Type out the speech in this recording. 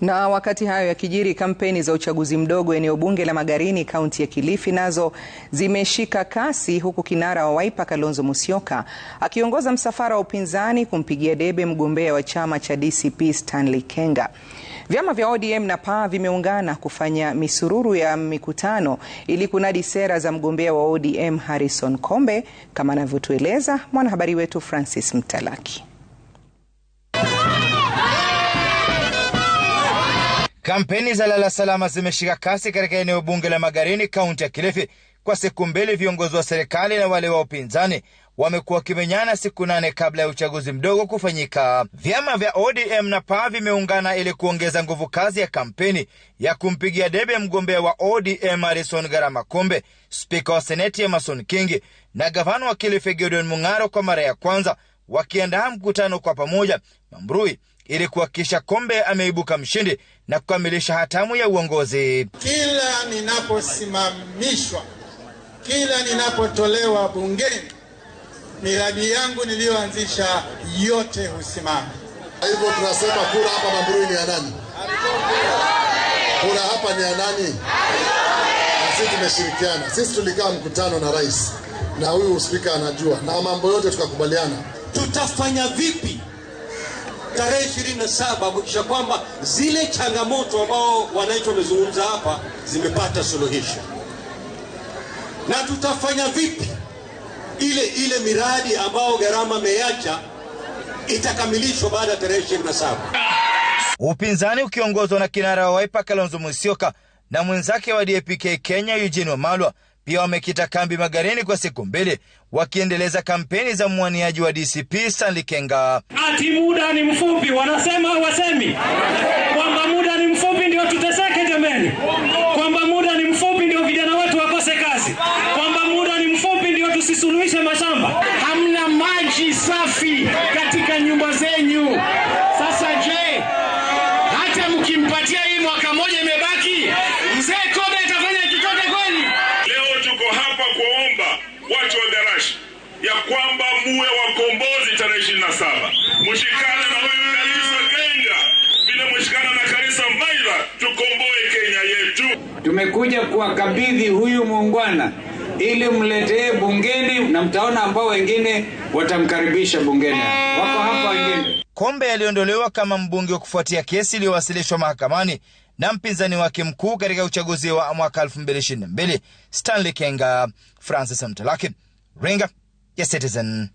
Na wakati hayo yakijiri, kampeni za uchaguzi mdogo eneo bunge la Magarini kaunti ya Kilifi nazo zimeshika kasi, huku kinara wa Wiper Kalonzo Musyoka akiongoza msafara wa upinzani kumpigia debe mgombea wa chama cha DCP Stanley Kenga. Vyama vya ODM na PAA vimeungana kufanya misururu ya mikutano ili kunadi sera za mgombea wa ODM Harrison Kombe, kama anavyotueleza mwanahabari wetu Francis Mtalaki. Kampeni za lala salama zimeshika kasi katika eneo bunge la Magarini, kaunti ya Kilifi. Kwa siku mbili, viongozi wa serikali na wale wa upinzani wamekuwa wakimenyana siku nane kabla ya uchaguzi mdogo kufanyika. Vyama vya ODM na PA vimeungana ili kuongeza nguvu kazi ya kampeni ya kumpigia debe mgombea wa ODM Harrison Garama Kombe, spika wa seneti Emerson Kingi na gavana wa Kilifi Gideon Mung'aro kwa mara ya kwanza wakiandaa mkutano kwa pamoja Mambrui ili kuhakikisha Kombe ameibuka mshindi na kukamilisha hatamu ya uongozi. Kila ninaposimamishwa, kila ninapotolewa bungeni, miradi yangu niliyoanzisha yote husimama. Hivyo tunasema kura hapa Mambrui ni ya nani? Kura hapa ni ya nani? sisi tumeshirikiana, sisi tulikaa mkutano na rais na huyu spika anajua, na mambo yote tukakubaliana tutafanya vipi tarehe ishirini na saba kuhakikisha kwamba zile changamoto ambao wananchi wamezungumza hapa zimepata suluhisho, na tutafanya vipi ile ile miradi ambayo gharama ameacha itakamilishwa baada ya tarehe ishirini na saba. Upinzani ukiongozwa na kinara wa waipa Kalonzo musioka na mwenzake wa dpk Kenya Eugene Wamalwa pia wamekita kambi Magarini kwa siku mbili, wakiendeleza kampeni za mwaniaji wa DCP Stanley Kenga. Ati muda ni mfupi, wanasema wasemi kwamba muda ni mfupi ndio tuteseke. Jameni, kwamba muda ni mfupi ndio vijana wetu wakose kazi, kwamba muda ni mfupi ndio tusisuluhishe mashamba. Hamna maji safi katika Karashi ya kwamba muwe wakombozi tarehe ishirini na saba mshikane na huyu kanisa Kenya vile mshikane na kanisa Maila, tukomboe Kenya yetu. Tumekuja kuwakabidhi huyu muungwana ili mletee bungeni, na mtaona ambao wengine watamkaribisha bungeni, wako hapa wengine. Kombe aliondolewa kama mbunge wa kufuatia kesi iliyowasilishwa mahakamani na mpinzani wake mkuu katika uchaguzi wa mwaka 2022 Stanley Kenga. Francis Mtalaki Ringer, your citizen.